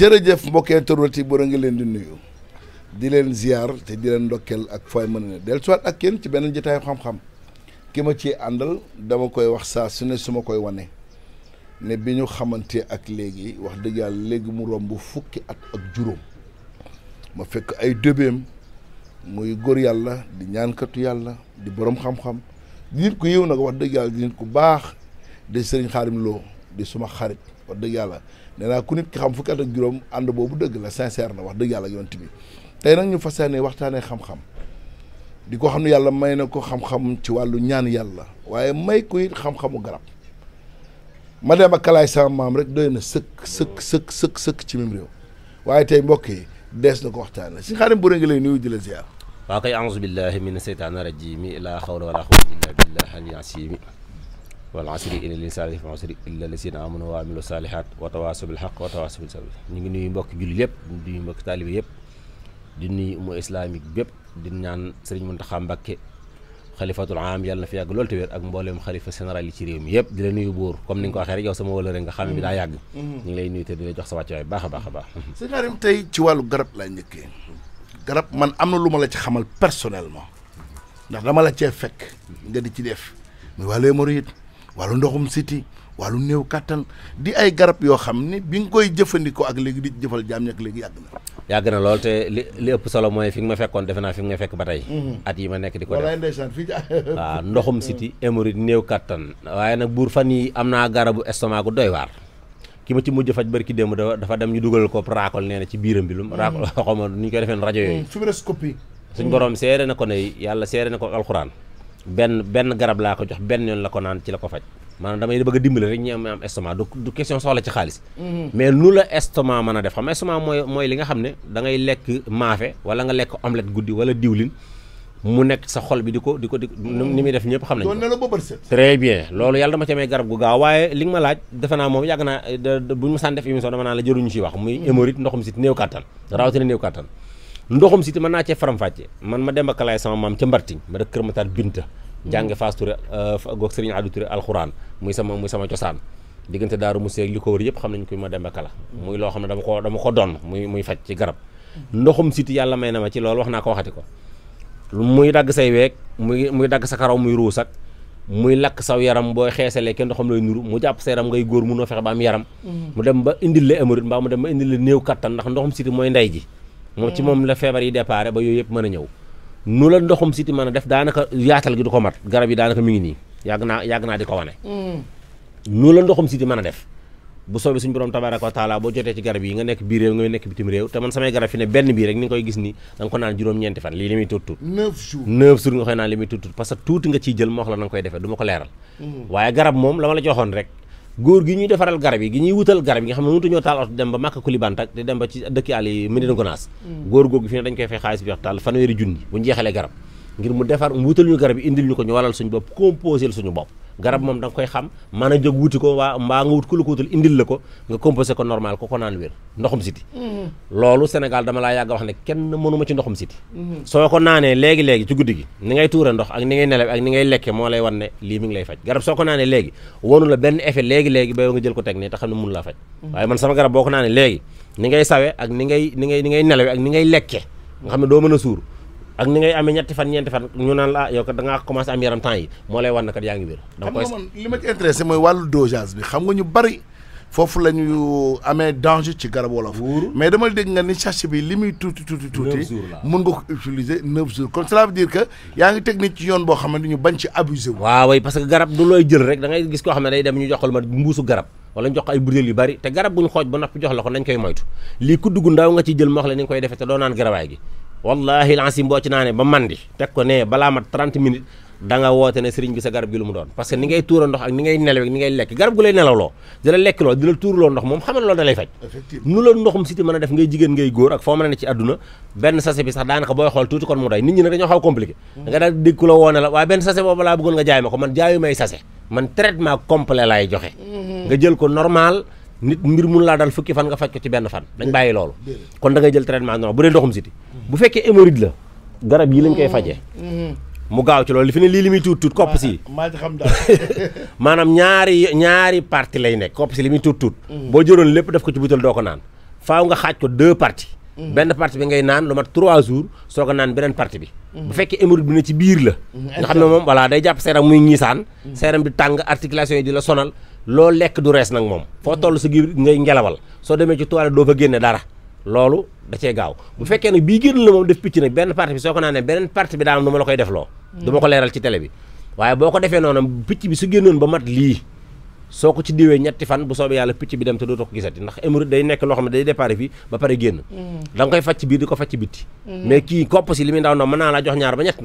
jërëjëf mbokki internet yi bor a ngi leen di nuyu di leen ziar te di leen ndokkeel ak fooy mën ne del soit ak kenn ci beneen jotaayu xam-xam ki ma ci àndal dama koy wax saa su ne suma koy wane ne bi ñu xamante ak léegi wax dëgg yàlla léegi mu romb fukki at ak juróom ma fekk ay dëbeem muy góor yàlla di ñaankatu yàlla di borom xam-xam di nit ku yiw nag wax dëgg yàlla di nit ku baax di sëriñ xaarim loo di suma xarit wax dëgg yàlla nee naa ku nit ki xam fukki ak juróom ànd boobu dëgg la sincère na wax dëgg yàlla yonent bi tey nag ñu fas yéene waxtaanee xam-xam di ko xam ne yàlla may na ko xam-xam ci wàllu ñaan yàlla waaye may koy it xam-xamu garab ma dem ak kalaay sama rek doy na sëkk sëkk sëkk sëkk sëkk ci mim réew waaye tey mbokk yi dees na ko waxtaanee si xaarim bu rëy lay nuyu di la ziar. waa kay auzu billahi mina seytaani rajimi laa xawla wala quwwata illa billahi al wal asri innal insaana lafii xusrin illaa lazina aamanu wa amilu saalihaat wa tawaasaw bil xaq wa tawaasaw bis sabr ngi nuyu mbokki julli yëpp di nuyu mbokki taalibe yëpp di nuyu umma islamique bépp di ñaan sëriñ Muntaxa fi yàgg loolu te wér mbooleem xalifa général yi ci réew mi yëpp di la nuyu buur comme ni nga ko waxee rek yow sama wala rek nga xam bi mm-hmm. Mm-hmm. a baax mm-hmm. wàllu garab laa garab man am lu ma la ci xamal personnellement ndax dama la cee fekk di ci def mais wàllu wàllu ndoxum siti wàllu néew kattan di ay garab yoo xam ne bi nga koy jëfandikoo ak léegi di jëfal jaam ñak léegi yàgg na yàgg na lool te li li ëpp solo mooy fi nga ma fekkoon defe naa fi nga fekk ba tey mhm. at yi ma nekk di ko def ndeysaan ndoxum siti hémorroïde néew kàttan waaye nag buur fan yi am naa garabu estomac gu doy waar ki ma ci mujj faj barki démb dafa dafa dem ñu dugal ko raakol nee na ci biiram bi lum raakol mhm. xaw ma nu ñu koy defee rajo yooyu mhm, fibroscopie suñ borom seere na ko ne yàlla seere na ko alxuraan benn benn garab laa ko jox benn yoon la ko naan ci la ko faj maanaam damay bëgg a dimbali rek ñu am am estomac du question soxla ci xaalis mm-hmm. mais nu la estomac mën a def xam estomac mooy mooy li nga xam ne da lekk maafe wala nga lekk guddi wala diwlin mu nekk sa xol bi di ko di ko di ni muy def ñëpp xam nañ doon na la bëbër set très bien loolu yàlla dama ci amee garab gu gaaw waaye li nga ma laaj defe naa moom yàgg naa bu ñu ma saan def émission dama naa la jëruñu ci wax muy hémorroïde ndoxum sit néew kàttan rawatina néew kàttan ndoxum siti mën naa cee faram-fàccee man ma dem ba kalaay sama maam ca Mbartiñ ma dëkk Kër Matar Binta. jànge Faas Touré euh, goog Serigne Adou Touré alxuraan muy sama muy sama cosaan diggante Daaru Musse li ko wër yëpp xam nañ kuy ma dem ba kala. muy loo xam ne dama ko dama ko doon muy muy faj ci garab. ndoxum siti yàlla may na ma ci loolu wax naa ko waxati ko. muy dagg say weeg muy muy dagg sa karaw muy ruus ak muy lakk saw yaram booy xeesalee kenn doxam lay nuru mu jàpp sa yaram ngay góor munoo fexe ba am yaram. Mm-hmm. mu dem ba indil la émorite mbaa mu dem ba indil la néew kattan ndax ndoxum siti mooy ndey ji moom ci eh. moom la feebar yi déparé ba yooyu yëpp mën a ñëw nu la ndoxum siti mën a def daanaka yaatal gi du ko mat garab yi daanaka mi ngi nii yàgg naa yàgg naa di ko wane hmm. nu la ndoxum siti mën a def bu soobee suñu borom tabaraka wa boo jotee ci garab yi nga nekk biir réew nga nekk bitim réew te man samay garab fi ne benn bii rek ni nga koy gis ni da ko naan juróom-ñeenti fan lii li tuut tuut nga koy naan li tuut tuut parce que góor gi ñuy defaral garab yi gi ñuy wutal garab yi nga xam ne mënutuñoo taal oto dem ba Màkka Kulibantang te dem ba ci dëkki àll yi Medina Gonaas mm. góor googu fi ne dañ koy fay xaalis bi wax taal fanweeri junni bu ñu jeexalee garab ngir mu defar mu wutal ñu garab yi indil ñu ko ñu walal suñu bopp composé suñu bopp garab moom da nga koy xam mën a jóg wuti ko waa mbaa nga wut ku la ko wutal indil la ko nga composé ko normal ko ko naan wér ndoxum siti mm-hmm. loolu Sénégal dama laa yàgg wax ne kenn mënuma ci ndoxum siti mm-hmm. soo ko naanee léegi-léegi ci guddi gi ni ngay tuure ndox ak ni ngay ngay lekke moo lay lay faj garab soo ko naanee léegi wonu la benn effet léegi-léegi ba nga jël ko teg ne te xam ne mun laa mm-hmm. ak ni ngay ni ngay ni ngay nelawe ak ni ngay lekke nga xam ne doo mën a suur ak ni ngay amee ñetti fan ñeenti fan ñu naan la ah, yow kat da ngaa commencé am yaram temps yi moo lay wan yaa ngi wér. da koy nga ñu bari foofu la ñu amee danger ci garab wolof. mais tuuti tuuti tuuti. mun ko utiliser neuf jours kon cela veut dire que yoon boo xamante ñu bañ ci abusé wu. waaw parce que garab du xam ne dem ñu jox ko lu mat mbuusu garab. wala yu bari te garab bu ñu xooj ba noppi jox la ko nañ koy moytu lii ku dugg ndaw nga ci jël moox la ni nga koy defee te doo naan garabaay gi wallahi lancim boo ci naanee ba mandi teg ko ne balaa mat 30 minutes da woote ne sëriñ bi sa garab gi lu mu doon parce que ni ngay tuura ndox ak ni ngay nelaw ak ni ngay lekk garab gu lay nelawloo di la lekk loo di la tuurloo ndox moom xamal loolu da faj nu la ndoxum siti mën a def ngay jigéen ngay góor ak foo mën a ne ci àdduna benn sachet bi sax daanaka booy xool tuuti kon mu doy nit ñi nag dañoo xaw compliqué mm. nga daal dégg ku la woone nit mbir mun laa dal fukki fan nga faj ko ci benn fan dañ bàyyi loolu kon da ngay jël traitement non bu dee ndoxum siti bu fekkee hémorroïde la garab yi lañ koy fajee mm-hmm. mu gaaw ci loolu li fi ne lii li muy tuut tuut kopp si maa ci xam daal maanaam ñaari ñaari partie lay nekk kopp si li muy tuut tuut mm-hmm. boo jëloon lépp def ko ci butal doo ko naan faaw nga xaaj ko deux parties mm-hmm. benn partie bi ngay naan lu mat trois jours soo ko naan beneen partie bi bu fekkee hémorroïde bi ne ci biir la nga xam ne moom voilà day jàpp seeram muy ñiisaan bi tàng articulation yi di la sonal loo lekk du rees nag moom foo toll si gi ngay ngelawal soo demee ci toilette doo fa génne dara loolu da cee gaaw bu fekkee nag bii génn la moom def picc nag benn partie bi soo ko naanee beneen partie bi daanam nu ma la koy def loo hmm. du ma ko leeral ci télé bi waaye boo ko defee noonu picc bi su génnoon ba mat lii soo ko ci diwee ñetti fan bu soobee yàlla picc bi dem te dootoo ko gisati ndax hémorroïde day nekk loo xam ne day déparé fii ba pare génn hmm. da hmm. naa laa ñaar ba ñett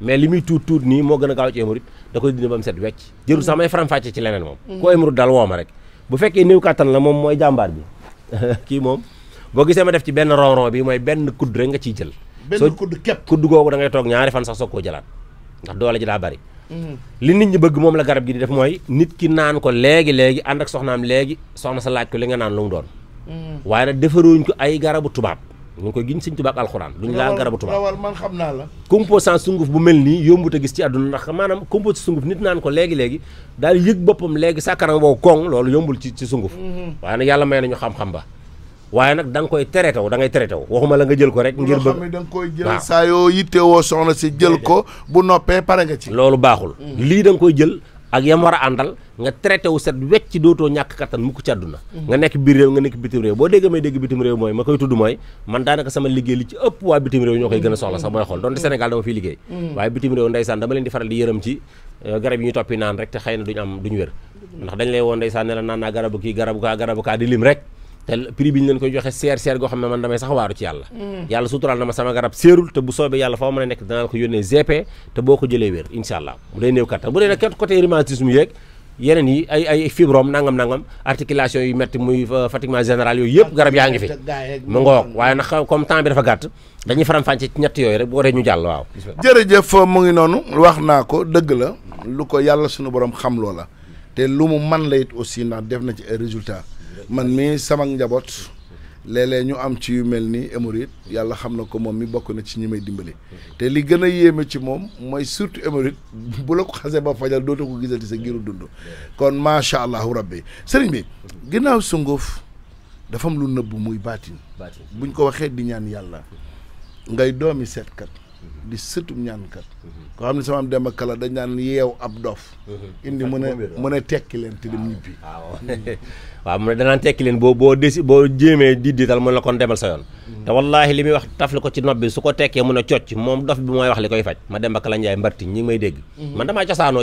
mais li muy tuut tuut nii moo gën a gaaw ci hémorroïde da koy dindi ba mu set wecc jërul sax may faram-fàcce ci leneen moom mm. ko hémorroïde daal woo ma rek bu fekkee néew kattan la moom mooy jàmbaar bi kii moom boo gisee ma def ci benn ronron bi mooy benn kudd rek nga ciy jël benn kudd képp kudd googu dangay toog ñaari fan sax soog koo jëlaat ndax doole ji daa bari mm-hmm. li nit ñi bëgg moom la garab gi di def mooy nit ki naan ko léegi-léegi ànd ak soxnaam léegi soxna sa laaj ko li nga naan lu doon mm-hmm. waaye nag defaruñ ay garabu tubaab ñu ngi koy giñ sëñ tubaab alxuraan duñ laa garabu tubaab lawal man xam naa la composant sunguf bu mel nii yombut a gis ci àdduna ndax maanaam composant sunguf nit naan ko léegi-léegi daal yëg boppam léegi sàkkaram boobu koŋ loolu yombul ci ci sunguf mhm. waaye nag yàlla may nañu xam-xam ba waaye nag danga koy traité wu da ngay traité wu waxuma la nga jël ko rek ngir bëgg nga koy jël saa yoo yittewoo soxna si jël ko bu noppee pare nga ci loolu baaxul mhm. lii da koy jël ak yam war a àndal nga traité wu set wecc ci dootoo ñàkk kattan mukk ci àdduna nga nekk biir réew nga nekk bitim réew boo dégg may dégg bitim réew mooy ma koy tudd mooy man daanaka sama liggéey li ci ëpp waa bitim réew ñoo koy gën a soxla sax xool donte Sénégal dama fiy liggéey mm. waaye bitim réew ndeysaan dama leen di faral di yërëm ci euh, garab yi ñu toppi naan rek te xëy na duñu am duñu wér ndax dañ lay woon ndeysaan ne naan naa garabu kii garabu kaa te prix bi ñu leen koy joxe seer seer goo xam ne man damay sax waaru ci yàlla mm. yàlla suturaal na ma sama garab seerul te bu soobee yàlla foo mën a nekk danaa ko yónnee GP te boo ko jëlee wér incha allah bu dee néew kattan bu dee nag kat yi ay ay fibrome nangam nangam articulation yu métti muy euh, fatiguement général yooyu yëpp garab yaa ngi fi mu ngoog waaye nag comme temps bi dafa gàtt dañuy faram-fàcce ci ñett yooyu rek boo dee ñu jàll waaw jërëjëf mu ngi noonu wax naa ko dëgg la lu ko yàlla suñu borom xam loola te lu mu man la aussi ndax def na ci ay résultat man mi sama njaboot léeg ñu am ci yu mel ni hémorroïde yàlla xam na ko moom mi bokk na ci ñi may dimbali te li gën a yéeme ci moom mooy surtout hémorroïde bu la ko xasee ba fajal dootoo ko di sa giru dund kon macha allahu rabbi sëriñ bi ginnaaw sunguf dafa am lu nëbb muy baatin buñ ko waxee di ñaan yàlla ngay doomi seetkat mhm. di surtout ñaankat mhm. koo xam ne sama am dem ak kala dañ naan yeew ab dof mhm. indi mën a mën a tekki leen te ñibbi waaw mu ne danaan tekki leen boo boo desi boo jéemee di diital mun la kon demal sa yoon te wallaahi li muy wax tafli ko ci nopp bi su ko tekkee mun a cocc moom dof bi mooy wax li koy faj ma dem ba Kala Njaay mbarti ñi ngi may dégg mm-hmm. mm-hmm. wax loo xam ne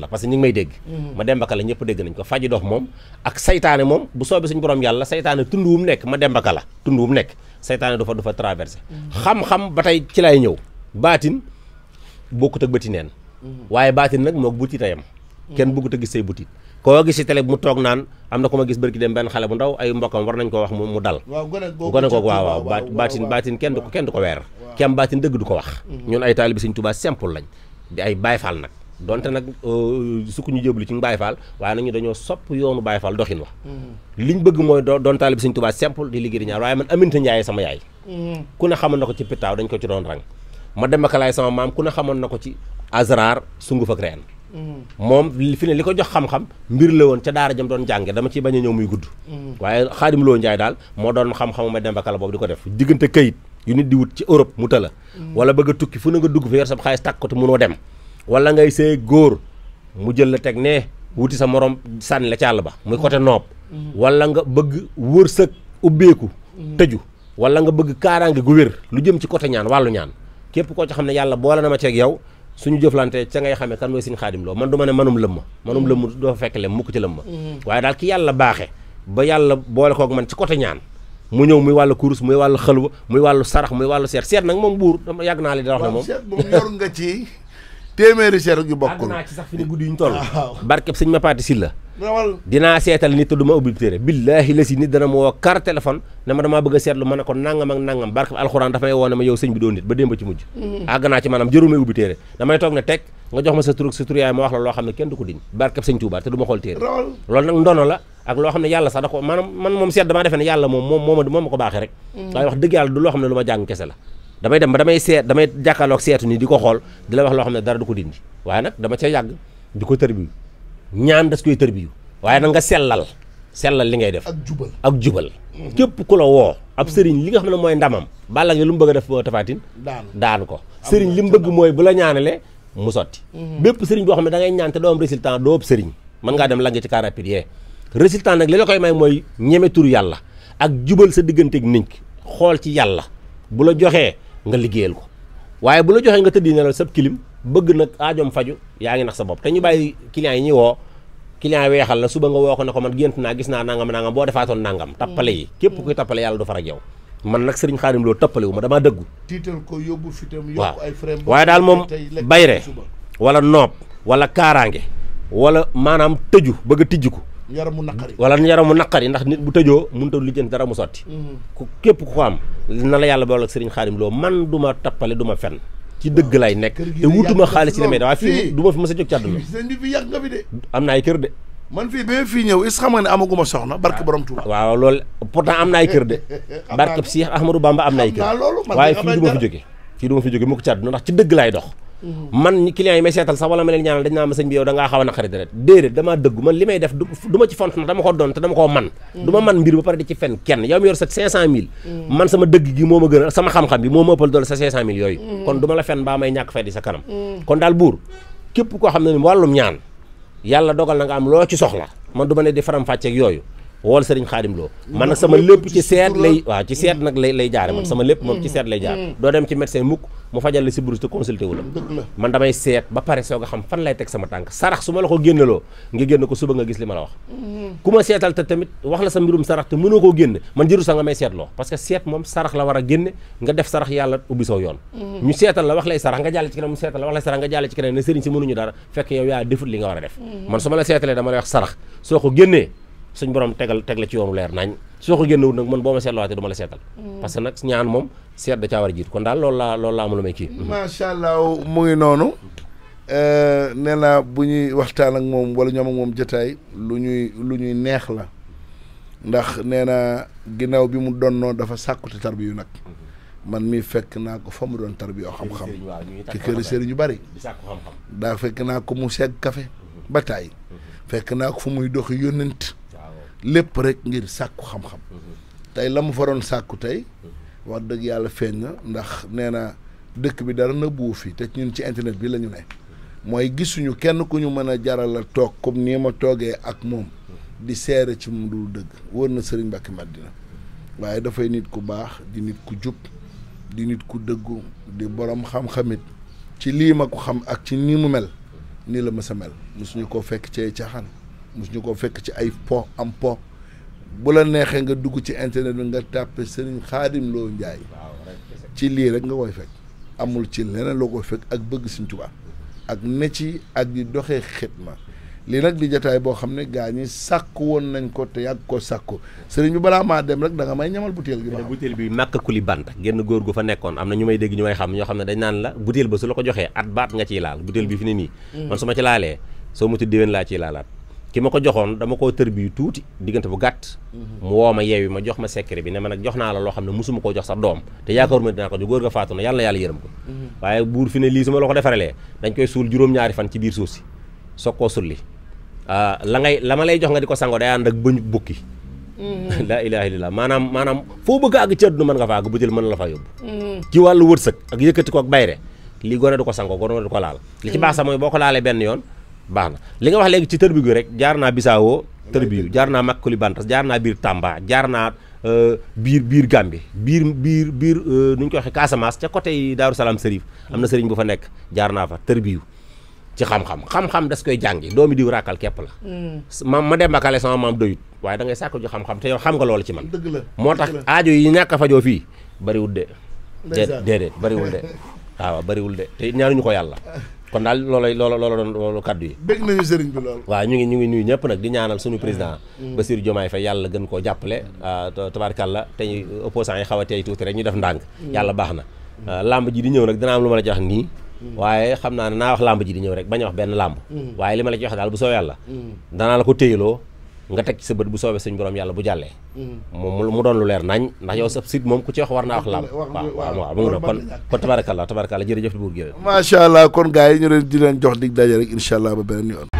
la parce que ñi ngi may dégg mm-hmm. ma dem ba Kala ñëpp dégg nañ ko faji dof moom ak saytaane moom bu soobee suñu borom yàlla saytaane tund wu nekk ma dem ba Kala tund wu mu nekk saytaane du fa du fa traversé xam-xam ba tey ci lay ñëw baatin bokkut ak bëti neen waaye baatin koo gis si télé mu toog naan am na ku ma gis bërki dem benn xale bu ndaw ay mbokkam war nañ ko wax mu dal gone kooku waaw waaw baat baatin baatin kenn du ko kenn du ko weer ki am baatin dëgg du ko wax mm-hmm. ñun ay taalibi Sëñ Tuubaa simple lañ di ay Baay Faal nag donte nag euh, sukk ñu jëblu ci Baay Faal waaye nag ñu dañoo sopp yoonu Baay Faal doxin wa mm-hmm. liñ bëgg mooy doon taalibi Sëñ Tuubaa simple di liggéey di ñaar waaye man Aminta Njaay sama yaay mm-hmm. ku ne xamoon na ko ci pitaaw dañ ko ci doon rang ma dem ak laay sama maam ku na ko ci azrar sunguf ak reen moom fi ne li ko jox xam-xam mbir la woon ca daara jëm doon jànge dama ciy bañ a ñëw muy gudd waaye xaadim loo njaay daal moo doon xam-xamu ma demba kala boobu di ko def diggante kayit yu nit di wut ci Europe mu la wala bëgg tukki fu na nga dugg fa yor sa xaalis tàkk ko te dem wala ngay see góor mu jël la teg ne wuti sa morom sànni la ci àll ba muy côté noob wala nga bëgg wërsëg ubbeeku tëju wala nga bëgg kaaraange gu wér lu jëm ci côté ñaan wàllu ñaan képp koo ci xam ne yàlla boole na ma ceeg yow suñu jëflante ca ngay xamee kan mooy sëñ xaadim loo man du ma ne manum lëmm manum lëmm du fa fekk lem mukk ci lëmm mm-hmm. waaye daal ki yàlla baaxe ba yàlla boole koog man ci côté ñaan mu ñëw muy wàllu kurus muy wàllu xalwa muy wàllu sarax muy wàllu seet seet nag moom buur yàgg naa li da wax ne moom téeméeri seer yu bokkul barkeb sëñ ma paati silla dinaa seetal nit te du ma ubbi téere billaahi la si nit dana ma woo kar téléphone ne ma damaa bëgg a seetlu ma ne ko nangam ba ci mujj mm-hmm. àgg ci maanaam jëru may ubbi téere damay toog ne teg nga jox ma sa tur yaay ma wax la loo xam ne kenn du ko diñ barkeb sëñ Tuubaa te du ma xool téere loolu ndono la ak loo xam ne yàlla sax da ko man moom seet damaa defee ne yàlla moom moom ma ko baaxee rek mm-hmm. waaye wax dëgg damay dem ba damay seet damay jàkkaarloog seetu nii di ko xool di la wax loo xam ne dara du ko dindi waaye nag dama ca yàgg di ko tërbiyu ñaan des koy tërbiyu waaye nag nga sellal sellal li ngay def ak jubal ak jubal képp ku la woo ab sëriñ li nga xam ne mooy ndamam bàlla gi lu mu bëgg a def boo tafaatin daan ko sëriñ li mu bëgg mooy bu la ñaanale mu sotti mhm. bépp sëriñ boo xam ne da ngay ñaan te doo am résultat doo ngaa dem langi ci car rapide yee nag li la koy may mooy ñeme turu yàlla ak jubal sa digganteeg nit ki xool ci yàlla bu la joxee nga liggéeyal ko waaye bu la joxee nga tëddi nelaw sab kilim bëgg nag aajoom faju yaa ngi nax sa bopp te ñu bàyyi clients yi ñuy woo client yi weexal la suba nga woo ko ne ko man gént naa gis naa nangam nangam boo defaatoon nangam tappale yi képp kuy tappale yàlla du far ak yow man nag sëriñ xaarim loolu tappale wu ma damaa dëggu tiital ko yóbbu fitam yokk ay frem waaye daal moom bayre wala noob wala kaaraange wala maanaam tëju bëgg a tijj ko yaramu naqari wala yaramu naqari ndax nit bu tëjoo mënut a lijjanti dara mu sotti mm-hmm. képp ku ko am na la yàlla boole ak sëriñ xaadim loo man du ma tappale du ma fen ci dëgg lay nekk te wutuma xaalis ci demee waaye fii du ma a jóg ci àdduna sëñ na ay kër de man fii fii ñëw is xam ne amaguma soxna barke borom Touba waaw loolu pourtant am na ay kër de barke Cheikh Ahmadou Bamba am na ay kër waaye fii du fi jóge fii du ma fi jóge mu ko ci ndax ci dëgg lay dox man client yi may seetal sax wala ma leen ñaanal dañ naa ma sëñ bi yow da ngaa xaw a naqari damaa dëgg man li may def du ci font na dama ko doon te dama koo man mm. du mbir ba pare di ci fen kenn yow mi yor sa 500000. Mm. man sama bi moo ma ëppal doole sa 500000 yooyu mm. kon du ma la fen baa may ñàkk fay sa kanam kon daal buur képp koo xam ne ni wàllum ñaan yàlla dogal na nga am loo ci soxla man du ma ne di faram fàcceeg yooyu wool sëriñ xaadim loo man nag sama lépp ci seet lay waaw ci seet nag lay lay jaare moom sama lépp moom ci seet lay jaar doo dem ci médecin mu fajal la si bourse te consulté wu la man damay seet ba pare soog a xam fan lay teg sama tànk sarax su ma la ko génneloo nga génn ko suba nga gis li ma la wax mhm. ku ma seetal te tamit wax koo génne man jëru sax nga may seetloo parce que seet moom sarax la war a génne nga def sarax yàlla ubbi saw yoon mhm. ñu seetal la wax lay sarax nga jàll ci keneen mu seetal si mënuñu dara fekk yow yaa defut li nga war a def mhm. man su ma la seetalee dama lay wax sarax soo ko génnee suñ borom tegal teg la ci yoonu leer nañ soo ko génnewul nag man boo ma seetluwaatee du ma la seetal. Mm. parce que nag ñaan moom seet da caa jiit kon daal loolu laa loolu laa may kii. Mm-hmm. mu ngi noonu. Euh, nee naa bu ñuy waxtaan ak moom wala ñoom ak moom jotaay lu ñuy lu ñuy neex la ndax nee na ginnaaw bi mu donnoo dafa sàkkuti tarbiyu nag mm-hmm. man mii fekk naa ko fa mu doon tarbiyoo xam-xam ci kër sëriñ yu bari daa fekk naa ko mu segg kafe ba taay mm-hmm. fekk naa ko fu muy doxi yónnent lépp rek ngir sàkku xam-xam tey la mu faroon sàkku tey wax dëgg yàlla feeñ na ndax nee na dëkk bi dara na buuf fi te ñun ci internet bi lañu ne mooy gisuñu kenn ku ñu mën a jaral a toog comme nii ma toogee ak moom di seere ci mu dul dëgg wër na sëriñ Mbàkke Madina waaye dafay nit ku baax di nit ku jub di nit ku dëggu di borom xam-xamit ci lii ma ko xam ak ci nii mu mel nii la mësa mel mel suñu ko fekk ci caaxaan mus ñu ko fekk ci ay po am po bu la neexee nga dugg ci internet bi nga tàppe Serigne Khadim Lo Ndiaye ci lii rek nga koy fekk amul ci leneen loo koy fekk ak bëgg Serigne Touba ak ne ci ak di doxee xitma lii nag di jataay boo xam ne gaa ñi sàkk woon nañ ko te yàgg ko sàkku sëriñ bi balaa maa dem rek da nga may ñamal butéel gi. maanaam butéel bi màkk kuli bant génn góor gu fa nekkoon am na ñu may dégg ñu may xam ñoo xam ne dañ naan la butéel ba su la ko joxee at baat nga ciy laal butéel bi fi ne nii. Mm. man ma ci laalee soo mu laa ciy laalaat. ki ma ko joxoon dama koo tër bi tuuti diggante bu gàtt mhm. mu woo ma yeewi ma jox ma secret bi ne ma nag jox naa la loo xam ne musuma koo jox sa doom te yaakaar ma dinaa ko jox góor ga faatu na yàlla yàlla yërëm ko mhm. waaye buur fi ne su ma juróom-ñaari fan ci biir suuf si soog ah, la ngay la ma lay jox nga di ko sango day ànd ak bëñ bukki mhm. laa ilaha illallah maanaam maanaam foo bëgg àgg ci àdduna mën nga fa àgg bu jël mën la faa yóbbu ci wàllu wërsëg ak yëkkati ko ak bayre lii gone du ko sango gone du ko laal li ci baax sax mooy boo ko laalee benn yoon baax na li nga wax léegi ci tërbigu rek jaar naa Bissau tërbigu jaar naa Makka Kulibantang jaar naa biir Tamba jaar naa euh, biir biir Gambie biir biir biir euh, nu ñu ko waxee Casamance ca côté yi Daaru Salaam am na sëriñ bu fa nekk jaar naa fa tërbigu ci xam-xam xam-xam das koy jàngi doomi diw ràkkal képp la mm. ma ma dem bakale sama maam doyut waaye da ngay sàkku ji xam-xam te yow xam nga loolu ci man moo tax aajo yi ñàkk a fajoo fii bariwul de déedéet bariwul de bariwul de te ñaanuñu ko yàlla kon daal loolay loola loola doon loolu kaddu yi bëgg nañu sëriñ bi lool waaw ñu ngi ñu ngi nuyu ñëpp nag di ñaanal suñu mm. président mm. Bassirou Diomaye Faye yàlla gën koo jàppale mm. ah, la tey opposants yi xaw a tey tuuti rek ñu def ndànk yàlla baax na ah, làmb ji di ñëw nag dina am lu ma la ci nii waaye xam naa ne naa wax làmb ji di ñëw rek bañ a wax benn làmb waaye li ma la ci wax daal bu soo yàlla danaa la ko téyeloo nga teg ci sa bët bu soobee suñ borom yàlla bu jàllee. Mm. moom mu doon lu leer nañ ndax yow sa moom ku ci wax war naa wax laam. waaw waaw mu ngi doon kon kon tabaarakallaa tabaarakallaa jërëjëf di buur géwél. macha allah kon gars yi ñu leen di leen jox dig daje rek incha allah ba beneen yoon.